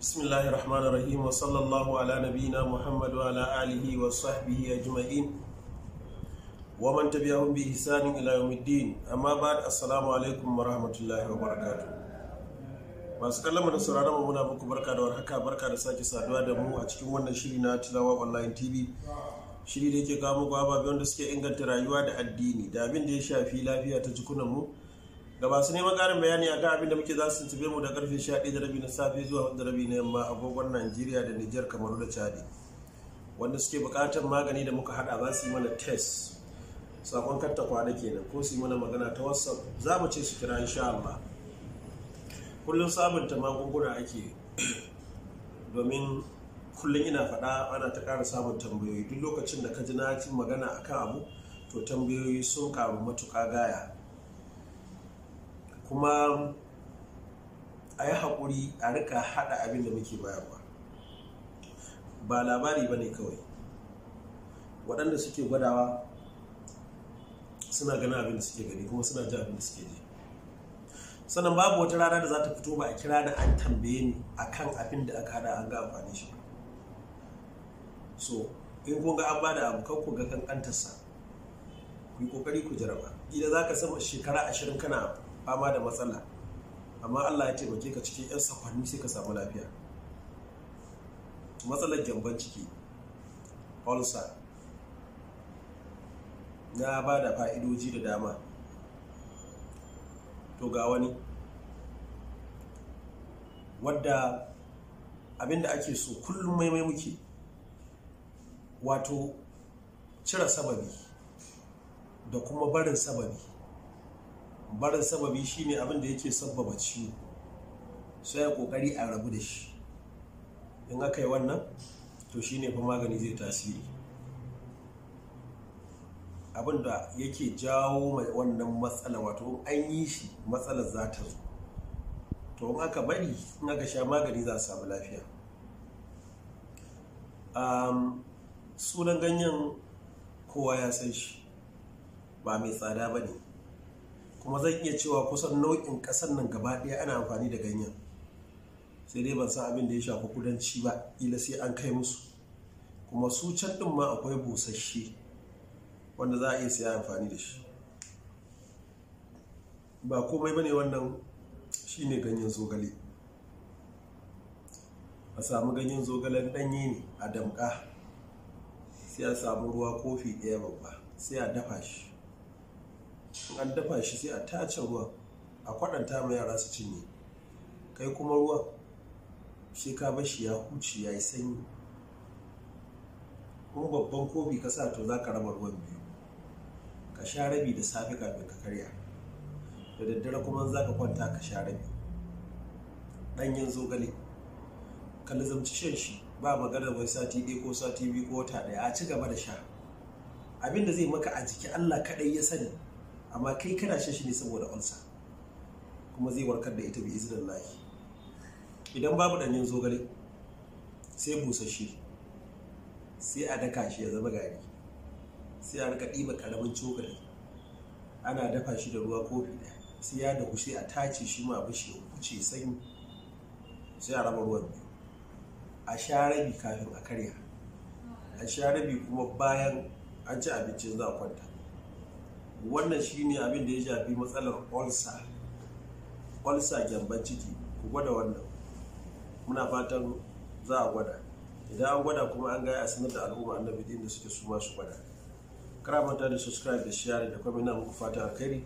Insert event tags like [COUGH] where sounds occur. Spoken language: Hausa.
bismillahir rahmanir rahim wa sallallahu ala nabiyina muhammad wa ala alihi wa sahbihi ajma'in wa man tabi'ahum bi ihsanin ila yawmiddin amma ba'd assalamu alaikum wa rahmatullahi wa barakatuh masu kallon da sauraron mu muna muku barka da warhaka barka da sake saduwa da mu a cikin wannan shiri na tilawa online tv shiri da yake kawo muku ababen da suke inganta rayuwa da addini da abin da ya shafi lafiya ta jikunan mu ga masu neman ƙarin bayani a kan abin da muke za su tuntube mu da karfe 11 da rabi na safe zuwa 1 da rabi na yamma agogon Najeriya da Nijar Kamaru da Chadi wanda suke bukatar magani da muka hada za su yi mana test sakon katta kwana kenan ko su yi mana magana ta WhatsApp za mu ce su kira insha Allah kullum sabunta magunguna ake [CLEARS THROAT] domin kullum ina faɗa ana ta ƙara samun tambayoyi duk lokacin da ka ji na magana akan abu to tambayoyi sun karu matuƙa gaya kuma a yi haƙuri a rika haɗa abin da muke bayarwa ba labari ba ne kawai waɗanda suke gwadawa suna gani abin da suke gani kuma suna ji abin da suke ji sannan babu wata rana da za ta fito ba a kira da an tambaye ni akan abin da aka hada an ga amfani shi so in kun ga an bada abu kan ku ga kankantarsa ku yi kokari ku jaraba idan za ka sama shekara ashirin kana abu fama da matsala amma Allah ya taimake ka cikin 'yan sakwanni sai ka samu lafiya matsalar jamban ciki ulcer na ba da fa'idoji da dama to ga wani wadda abinda ake so kullum maimai muke wato cire sababi da kuma barin sababi barin sababi shine abin da yake sabbaba ciwo sai ya kokari a rabu da shi in aka yi wannan to shine fa magani zai tasiri abin da yake jawo mai wannan matsala wato an yi shi matsalar za ta zo to in aka bari in aka sha magani za a samu lafiya sunan ganyen kowa ya san shi ba mai tsada ba ne kuma zan iya cewa kusan nau'in ƙasar nan gaba ɗaya ana amfani da ganyen sai dai ban san abin da ya shafi kudanci ba ila sai an kai musu kuma su can ɗin ma akwai busasshe wanda za a iya siya amfani da shi ba komai bane wannan shi ne ganyen zogale a samu ganyen zogalen ɗanye ne a damƙa sai a samu ruwa kofi ɗaya babba sai a dafa shi an dafa shi sai a tace ruwan a kwaɗanta ma yara su cinye kai kuma ruwan shi ka bar ya huce ya yi sanyi kuma babban kofi ka sa to za ka raba ruwan biyu ka sha rabi da safe kafin ka karya da daddare kuma za ka kwanta ka sha rabi ɗanyen zogale ka lizamci shan shi ba magana wai sati ɗaya ko sati biyu ko wata ɗaya a ci gaba da sha abin da zai maka a jiki allah kaɗai ya sani amma kai kana shan shi ne saboda ulsa kuma zai warkar da ita bi izinin lahi idan babu danyen zogale sai busasshe sai a daka shi ya zama gari sai a rika ɗiba ƙaramin cokali ana dafa shi da ruwa kofi ɗaya sai ya dahu sai a tace shi ma bashi ya kuce sanyi sai a raba ruwan biyu a sha rabi kafin a karya a sha rabi kuma bayan an ci abincin za a kwanta wannan shine abin da ya shafi matsalar olsa olsa gyamban ciki ku gwada wannan muna fatan za a gwada idan an gwada kuma an gaya a sanar da al'umma annabi da suke su ma su gwada karamanta da subscribe da share da kwamina muku fatan alkhairi